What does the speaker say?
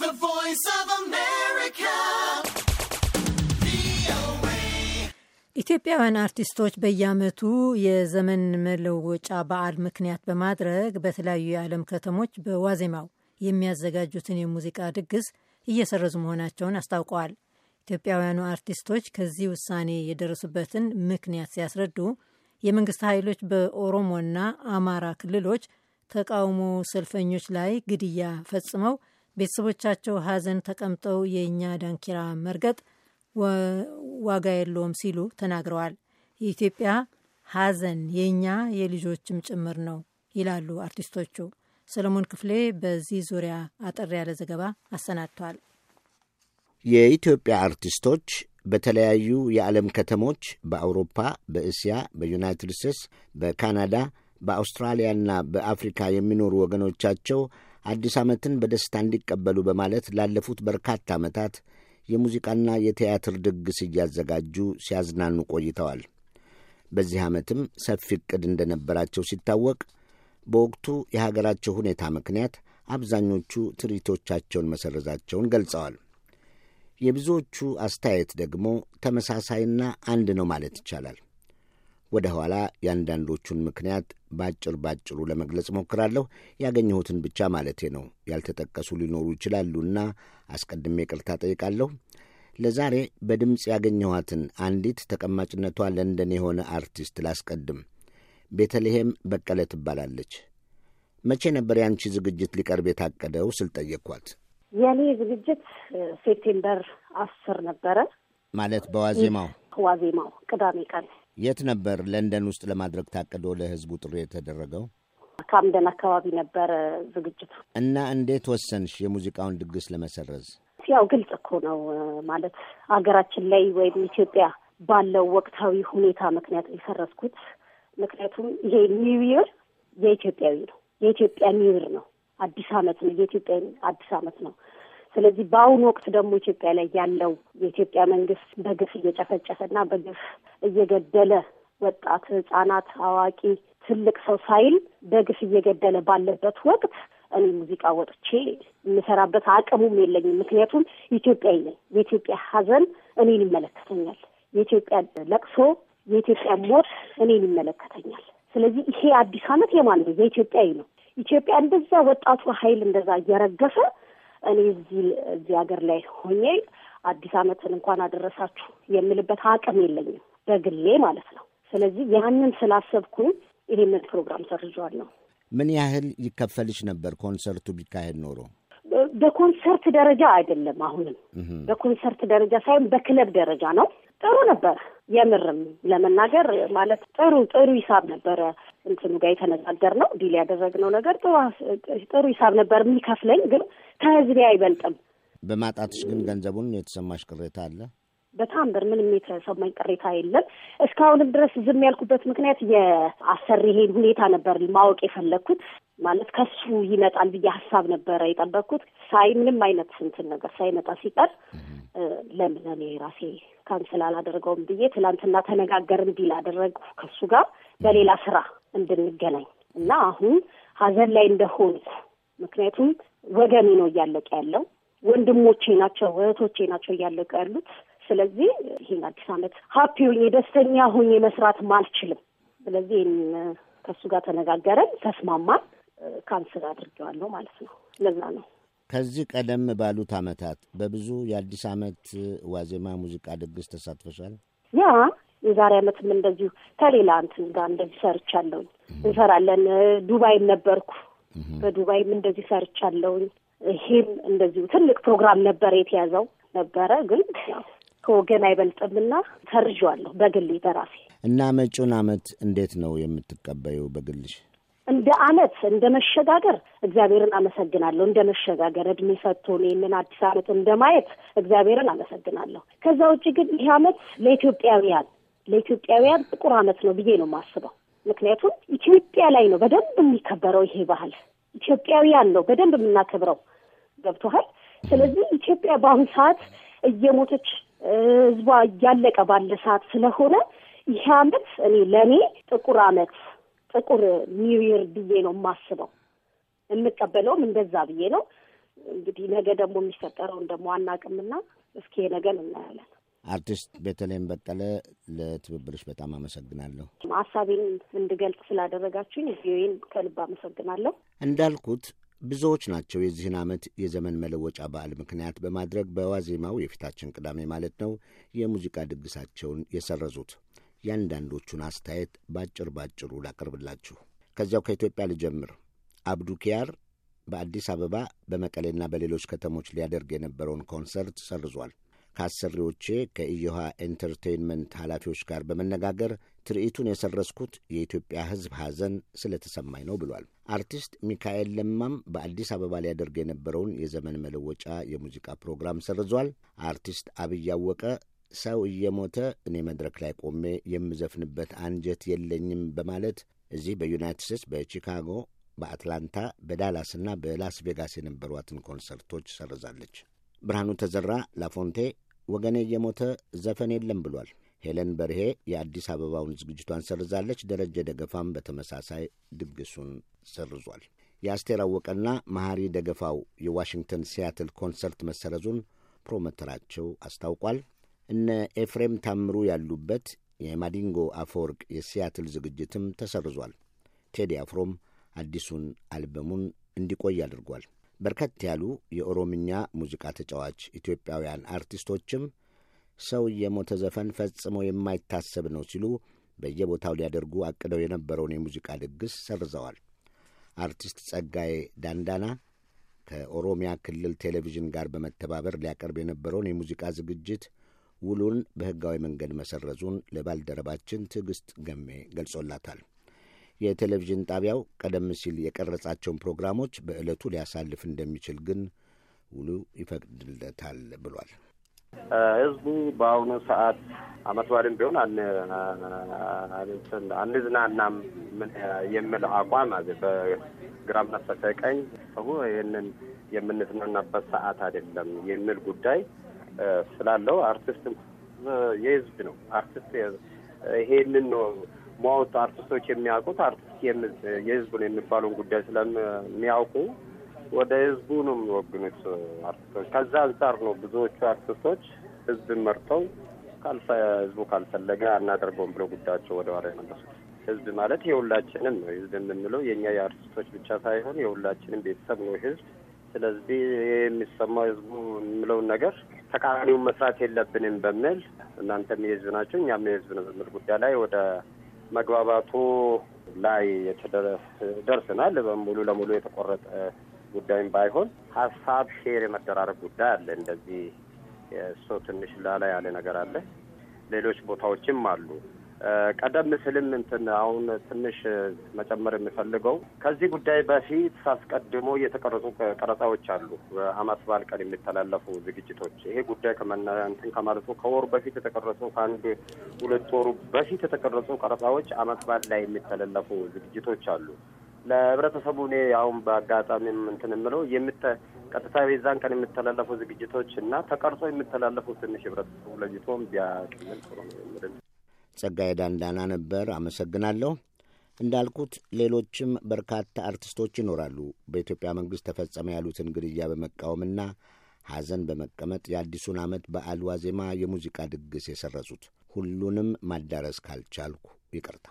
The Voice of America. ኢትዮጵያውያን አርቲስቶች በየዓመቱ የዘመን መለወጫ በዓል ምክንያት በማድረግ በተለያዩ የዓለም ከተሞች በዋዜማው የሚያዘጋጁትን የሙዚቃ ድግስ እየሰረዙ መሆናቸውን አስታውቀዋል። ኢትዮጵያውያኑ አርቲስቶች ከዚህ ውሳኔ የደረሱበትን ምክንያት ሲያስረዱ የመንግስት ኃይሎች በኦሮሞና አማራ ክልሎች ተቃውሞ ሰልፈኞች ላይ ግድያ ፈጽመው ቤተሰቦቻቸው ሀዘን ተቀምጠው የእኛ ዳንኪራ መርገጥ ዋጋ የለውም ሲሉ ተናግረዋል። የኢትዮጵያ ሀዘን የእኛ የልጆችም ጭምር ነው ይላሉ አርቲስቶቹ። ሰለሞን ክፍሌ በዚህ ዙሪያ አጠር ያለ ዘገባ አሰናድቷል። የኢትዮጵያ አርቲስቶች በተለያዩ የዓለም ከተሞች በአውሮፓ፣ በእስያ፣ በዩናይትድ ስቴትስ፣ በካናዳ፣ በአውስትራሊያና በአፍሪካ የሚኖሩ ወገኖቻቸው አዲስ ዓመትን በደስታ እንዲቀበሉ በማለት ላለፉት በርካታ ዓመታት የሙዚቃና የቲያትር ድግስ እያዘጋጁ ሲያዝናኑ ቆይተዋል። በዚህ ዓመትም ሰፊ ዕቅድ እንደነበራቸው ሲታወቅ በወቅቱ የሀገራቸው ሁኔታ ምክንያት አብዛኞቹ ትርኢቶቻቸውን መሰረዛቸውን ገልጸዋል። የብዙዎቹ አስተያየት ደግሞ ተመሳሳይና አንድ ነው ማለት ይቻላል። ወደ ኋላ የአንዳንዶቹን ምክንያት ባጭር ባጭሩ ለመግለጽ እሞክራለሁ። ያገኘሁትን ብቻ ማለቴ ነው። ያልተጠቀሱ ሊኖሩ ይችላሉና አስቀድሜ ቅርታ ጠይቃለሁ። ለዛሬ በድምፅ ያገኘኋትን አንዲት ተቀማጭነቷ ለንደን የሆነ አርቲስት ላስቀድም። ቤተልሔም በቀለ ትባላለች። መቼ ነበር የአንቺ ዝግጅት ሊቀርብ የታቀደው ስል ጠየቅኳት። የኔ ዝግጅት ሴፕቴምበር አስር ነበረ ማለት በዋዜማው ዋዜማው ቅዳሜ ቀን የት ነበር ለንደን ውስጥ ለማድረግ ታቅዶ ለህዝቡ ጥሪ የተደረገው? ካምደን አካባቢ ነበር ዝግጅቱ። እና እንዴት ወሰንሽ የሙዚቃውን ድግስ ለመሰረዝ? ያው ግልጽ እኮ ነው ማለት ሀገራችን ላይ ወይም ኢትዮጵያ ባለው ወቅታዊ ሁኔታ ምክንያት የሰረዝኩት። ምክንያቱም ይሄ ኒው ይር የኢትዮጵያዊ ነው፣ የኢትዮጵያ ኒው ይር ነው። አዲስ አመት ነው፣ የኢትዮጵያ አዲስ ዓመት ነው። ስለዚህ በአሁኑ ወቅት ደግሞ ኢትዮጵያ ላይ ያለው የኢትዮጵያ መንግስት በግፍ እየጨፈጨፈና በግፍ እየገደለ ወጣት፣ ህጻናት፣ አዋቂ፣ ትልቅ ሰው ሳይል በግፍ እየገደለ ባለበት ወቅት እኔ ሙዚቃ ወጥቼ የምሰራበት አቅሙም የለኝም። ምክንያቱም ኢትዮጵያዊ ነኝ። የኢትዮጵያ ሀዘን እኔን ይመለከተኛል። የኢትዮጵያ ለቅሶ፣ የኢትዮጵያ ሞት እኔን ይመለከተኛል። ስለዚህ ይሄ አዲስ ዓመት የማን ነው? የኢትዮጵያዊ ነው። ኢትዮጵያ እንደዛ ወጣቱ ኃይል እንደዛ እየረገፈ እኔ እዚህ እዚህ ሀገር ላይ ሆኜ አዲስ ዓመትን እንኳን አደረሳችሁ የምልበት አቅም የለኝም በግሌ ማለት ነው። ስለዚህ ያንን ስላሰብኩኝ ይሄንን ፕሮግራም ሰርጇል ነው። ምን ያህል ይከፈልሽ ነበር ኮንሰርቱ ቢካሄድ ኖሮ? በኮንሰርት ደረጃ አይደለም። አሁንም በኮንሰርት ደረጃ ሳይሆን በክለብ ደረጃ ነው። ጥሩ ነበር። የምርም ለመናገር ማለት ጥሩ ጥሩ ሂሳብ ነበረ። እንትኑ ጋር የተነጋገር ነው ዲል ያደረግነው ነገር ጥሩ ሂሳብ ነበር የሚከፍለኝ፣ ግን ከህዝቤ አይበልጥም። በማጣትሽ ግን ገንዘቡን የተሰማሽ ቅሬታ አለ? በጣም ብር ምንም የተሰማኝ ቅሬታ የለም። እስካሁንም ድረስ ዝም ያልኩበት ምክንያት የአሰሪ ይሄን ሁኔታ ነበር ማወቅ የፈለግኩት። ማለት ከሱ ይመጣል ብዬ ሀሳብ ነበረ የጠበቅኩት። ሳይ ምንም አይነት ስንትን ነገር ሳይመጣ ሲቀር ለምን እኔ ራሴ ካንስል አላደርገውም ብዬ ትላንትና ተነጋገርን ዲል አደረግኩ ከሱ ጋር በሌላ ስራ እንድንገናኝ እና አሁን ሀዘን ላይ እንደሆንኩ ምክንያቱም ወገኔ ነው እያለቀ ያለው ወንድሞቼ ናቸው እህቶቼ ናቸው እያለቀ ያሉት። ስለዚህ ይህን አዲስ አመት ሀፒ ሆኜ ደስተኛ ሆኜ መስራት ማልችልም። ስለዚህ ይህን ከእሱ ጋር ተነጋገረን፣ ተስማማን፣ ካንስል አድርጌዋለሁ ማለት ነው። ለዛ ነው ከዚህ ቀደም ባሉት አመታት በብዙ የአዲስ አመት ዋዜማ ሙዚቃ ድግስ ተሳትፈሻል? ያ የዛሬ ዓመትም እንደዚሁ ከሌላ እንትን ጋር እንደዚህ ሰርቻለሁኝ። እንሰራለን። ዱባይም ነበርኩ። በዱባይም እንደዚህ ሰርቻለሁኝ። ይሄም እንደዚሁ ትልቅ ፕሮግራም ነበረ የተያዘው ነበረ፣ ግን ከወገን አይበልጥምና ሰርዣዋለሁ በግሌ በራሴ እና መጪውን ዓመት እንዴት ነው የምትቀበዩ በግልሽ? እንደ አመት እንደ መሸጋገር እግዚአብሔርን አመሰግናለሁ። እንደ መሸጋገር እድሜ ሰጥቶን ይህንን አዲስ አመት እንደ ማየት እግዚአብሔርን አመሰግናለሁ። ከዛ ውጭ ግን ይህ አመት ለኢትዮጵያውያን ለኢትዮጵያውያን ጥቁር አመት ነው ብዬ ነው የማስበው። ምክንያቱም ኢትዮጵያ ላይ ነው በደንብ የሚከበረው ይሄ ባህል። ኢትዮጵያውያን ነው በደንብ የምናከብረው። ገብቶሃል? ስለዚህ ኢትዮጵያ በአሁኑ ሰዓት እየሞተች ህዝቧ እያለቀ ባለ ሰዓት ስለሆነ ይሄ አመት እኔ ለእኔ ጥቁር አመት ጥቁር ኒው ይር ብዬ ነው የማስበው። የምቀበለውም እንደዛ ብዬ ነው። እንግዲህ ነገ ደግሞ የሚፈጠረውን ደግሞ አናውቅምና እስኪ ነገን እናያለን። አርቲስት ቤተልሔም በቀለ ለትብብርሽ በጣም አመሰግናለሁ። ሀሳቤን እንድገልጽ ስላደረጋችሁኝ ቪኦኤን ከልብ አመሰግናለሁ። እንዳልኩት ብዙዎች ናቸው የዚህን ዓመት የዘመን መለወጫ በዓል ምክንያት በማድረግ በዋዜማው የፊታችን ቅዳሜ ማለት ነው የሙዚቃ ድግሳቸውን የሰረዙት። ያንዳንዶቹን አስተያየት ባጭር ባጭሩ ላቀርብላችሁ። ከዚያው ከኢትዮጵያ ልጀምር። አብዱ ኪያር በአዲስ አበባ በመቀሌና በሌሎች ከተሞች ሊያደርግ የነበረውን ኮንሰርት ሰርዟል። ከአሰሪዎቼ ከኢዮሃ ኤንተርቴይንመንት ኃላፊዎች ጋር በመነጋገር ትርኢቱን የሰረስኩት የኢትዮጵያ ሕዝብ ሐዘን ስለተሰማኝ ነው ብሏል። አርቲስት ሚካኤል ለማም በአዲስ አበባ ሊያደርግ የነበረውን የዘመን መለወጫ የሙዚቃ ፕሮግራም ሰርዟል። አርቲስት አብይ አወቀ ሰው እየሞተ እኔ መድረክ ላይ ቆሜ የምዘፍንበት አንጀት የለኝም በማለት እዚህ በዩናይትድ ስቴትስ በቺካጎ፣ በአትላንታ፣ በዳላስና በላስ ቬጋስ የነበሯትን ኮንሰርቶች ሰርዛለች። ብርሃኑ ተዘራ ላፎንቴ ወገኔ እየሞተ ዘፈን የለም ብሏል። ሄለን በርሄ የአዲስ አበባውን ዝግጅቷን ሰርዛለች። ደረጀ ደገፋም በተመሳሳይ ድግሱን ሰርዟል። የአስቴር አወቀና መሐሪ ደገፋው የዋሽንግተን ሲያትል ኮንሰርት መሰረዙን ፕሮሞተራቸው አስታውቋል። እነ ኤፍሬም ታምሩ ያሉበት የማዲንጎ አፈወርቅ የሲያትል ዝግጅትም ተሰርዟል። ቴዲ አፍሮም አዲሱን አልበሙን እንዲቆይ አድርጓል። በርከት ያሉ የኦሮምኛ ሙዚቃ ተጫዋች ኢትዮጵያውያን አርቲስቶችም ሰው የሞተ ዘፈን ፈጽሞ የማይታሰብ ነው ሲሉ በየቦታው ሊያደርጉ አቅደው የነበረውን የሙዚቃ ድግስ ሰርዘዋል። አርቲስት ጸጋዬ ዳንዳና ከኦሮሚያ ክልል ቴሌቪዥን ጋር በመተባበር ሊያቀርብ የነበረውን የሙዚቃ ዝግጅት ውሉን በሕጋዊ መንገድ መሰረዙን ለባልደረባችን ትዕግስት ገሜ ገልጾላታል። የቴሌቪዥን ጣቢያው ቀደም ሲል የቀረጻቸውን ፕሮግራሞች በዕለቱ ሊያሳልፍ እንደሚችል ግን ውሉ ይፈቅድለታል ብሏል። ህዝቡ በአሁኑ ሰዓት አመት በዓልም ቢሆን አንዝናናም የሚል አቋም አ በግራም ነፈሰ ቀኝ ሰው ይህንን የምንዝናናበት ሰዓት አይደለም የሚል ጉዳይ ስላለው አርቲስት የህዝብ ነው። አርቲስት ይሄንን ነው ማወት አርቲስቶች የሚያውቁት አርቲስት የህዝቡን የሚባለውን ጉዳይ ስለሚያውቁ ወደ ህዝቡ ነው የሚወግኑት አርቲስቶች። ከዛ አንጻር ነው ብዙዎቹ አርቲስቶች ህዝብን መርተው ህዝቡ ካልፈለገ አናደርገውም ብለው ጉዳያቸው ወደ ኋላ የመለሱት። ህዝብ ማለት የሁላችንም ነው። ህዝብ የምንለው የእኛ የአርቲስቶች ብቻ ሳይሆን የሁላችንም ቤተሰብ ነው ህዝብ። ስለዚህ የሚሰማው ህዝቡ የምለውን ነገር ተቃራኒውን መስራት የለብንም በሚል እናንተም የህዝብ ናቸው እኛም የህዝብ ነው በሚል ጉዳይ ላይ ወደ መግባባቱ ላይ ደርስናል ሙሉ ለሙሉ የተቆረጠ ጉዳይም ባይሆን ሀሳብ ሼር የመደራረግ ጉዳይ አለ። እንደዚህ እሱ ትንሽ ላላ ያለ ነገር አለ። ሌሎች ቦታዎችም አሉ። ቀደም ስልም እንትን አሁን ትንሽ መጨመር የምፈልገው ከዚህ ጉዳይ በፊት አስቀድሞ የተቀረጹ ቀረጻዎች አሉ። በሀማስ በዓል ቀን የሚተላለፉ ዝግጅቶች ይሄ ጉዳይ እንትን ከማለቱ ከወሩ በፊት የተቀረጹ ከአንድ ሁለት ወሩ በፊት የተቀረጹ ቀረጻዎች አመት በዓል ላይ የሚተላለፉ ዝግጅቶች አሉ። ለህብረተሰቡ እኔ አሁን በአጋጣሚም እንትን የምለው የምተ ቀጥታ የዛን ቀን የሚተላለፉ ዝግጅቶች እና ተቀርጾ የሚተላለፉ ትንሽ ህብረተሰቡ ለይቶም ቢያቅልል ጥሩ ነው። ጸጋዬ ዳንዳና ነበር። አመሰግናለሁ። እንዳልኩት ሌሎችም በርካታ አርቲስቶች ይኖራሉ። በኢትዮጵያ መንግሥት ተፈጸመ ያሉትን ግድያ በመቃወምና ሐዘን በመቀመጥ የአዲሱን ዓመት በዓል ዋዜማ የሙዚቃ ድግስ የሰረጹት። ሁሉንም ማዳረስ ካልቻልኩ ይቅርታ።